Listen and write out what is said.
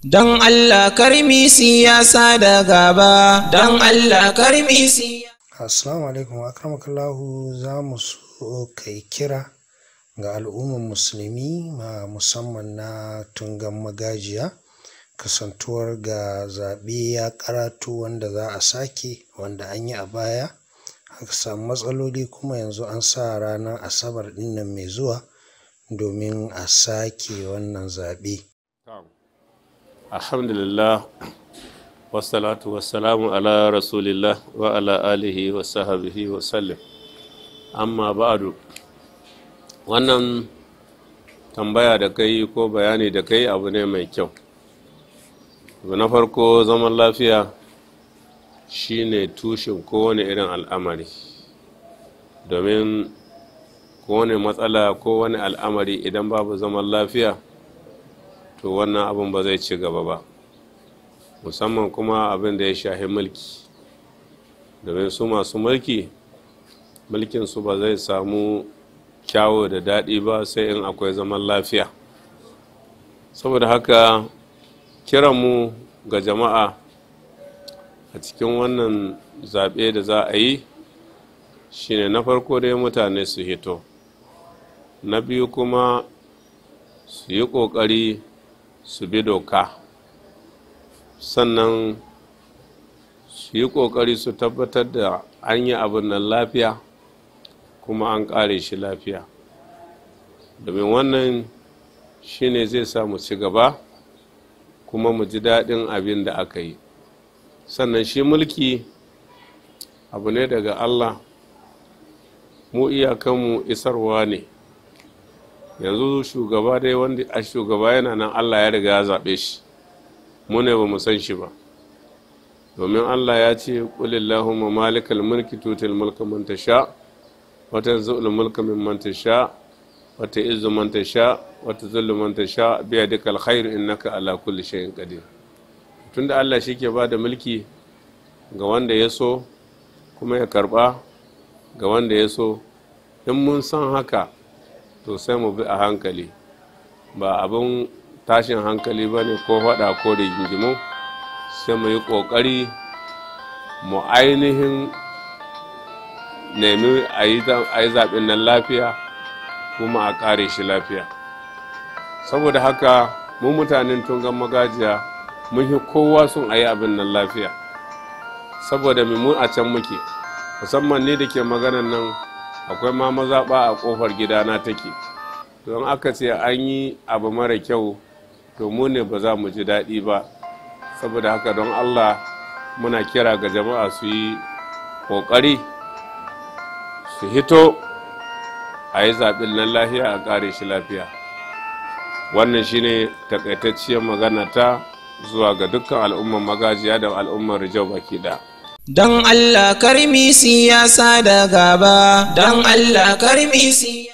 Don Allah karmi siyasa da gaba, don Allah karmi siyasa. Assalamu alaikum, akramakallahu za mu so kai kira ga al'ummar musulmi ma musamman na tungan magajiya, kasantuwar ga zaɓe ya karatu wanda za a sake wanda an yi a baya, aka samu matsaloli kuma yanzu an sa ranar asabar ɗinnan mai zuwa domin a sake wannan zaɓe. alhamdulillah wasalatu wasalamu ala rasulillah wa ala alihi wa sahabihi wa sallim amma ba'adu wannan tambaya da kai ko bayani da kai abu ne mai kyau abu na farko zaman lafiya shine tushen kowane irin al'amari domin kowane matsala kowane al'amari idan babu zaman lafiya to wannan abin ba zai ci gaba ba musamman kuma abin da ya shahi mulki domin su masu mulki mulkin su ba zai samu kyawo da daɗi ba sai in akwai zaman lafiya saboda haka mu ga jama'a a cikin wannan zaɓe da za a yi shine na farko dai mutane su hito na biyu kuma su yi ƙoƙari su bi doka sannan su yi ƙoƙari su tabbatar da an yi abin nan lafiya kuma an ƙare shi lafiya domin wannan shi ne zai sa mu ci gaba kuma mu ji daɗin abin da aka yi sannan shi mulki abu ne daga allah mu iyakanmu isarwa ne yanzu shugaba dai wanda a shugaba yana nan allah ya riga ya zaɓe shi mu ne ba mu san shi ba domin allah ya ce ma malikal mulki tutil mulka man tasha wata zu'ul mulka min man tasha wata izzu man tasha wata zullu man tasha biya dukal khair innaka ala kulli shay'in qadir tunda allah shike ba da mulki ga wanda ya so kuma ya karba ga wanda ya so in mun san haka to sai mu bi a hankali ba abin tashin hankali ba ne ko faɗa ko rigingimu sai mu yi ƙoƙari mu ainihin nemi a yi zaɓen nan lafiya kuma a ƙare shi lafiya saboda haka mu mutanen tungan magajiya mun yi kowa sun a yi abin nan lafiya saboda mu a can muke musamman ni da ke maganan nan akwai ma mazaɓa a ƙofar gidana take don aka ce an yi abu mara kyau to mu ne ba za mu ji daɗi ba saboda haka don allah muna kira ga jama'a su yi ƙoƙari su hito a yi zaɓin nan lafiya a ƙare shi lafiya wannan shine takaitacciyar magana ta zuwa ga dukkan al'ummar magajiya da al'ummar rijau baki ɗaya Don Allah karmi siyasa da gaba, don Allah karmi siyasa.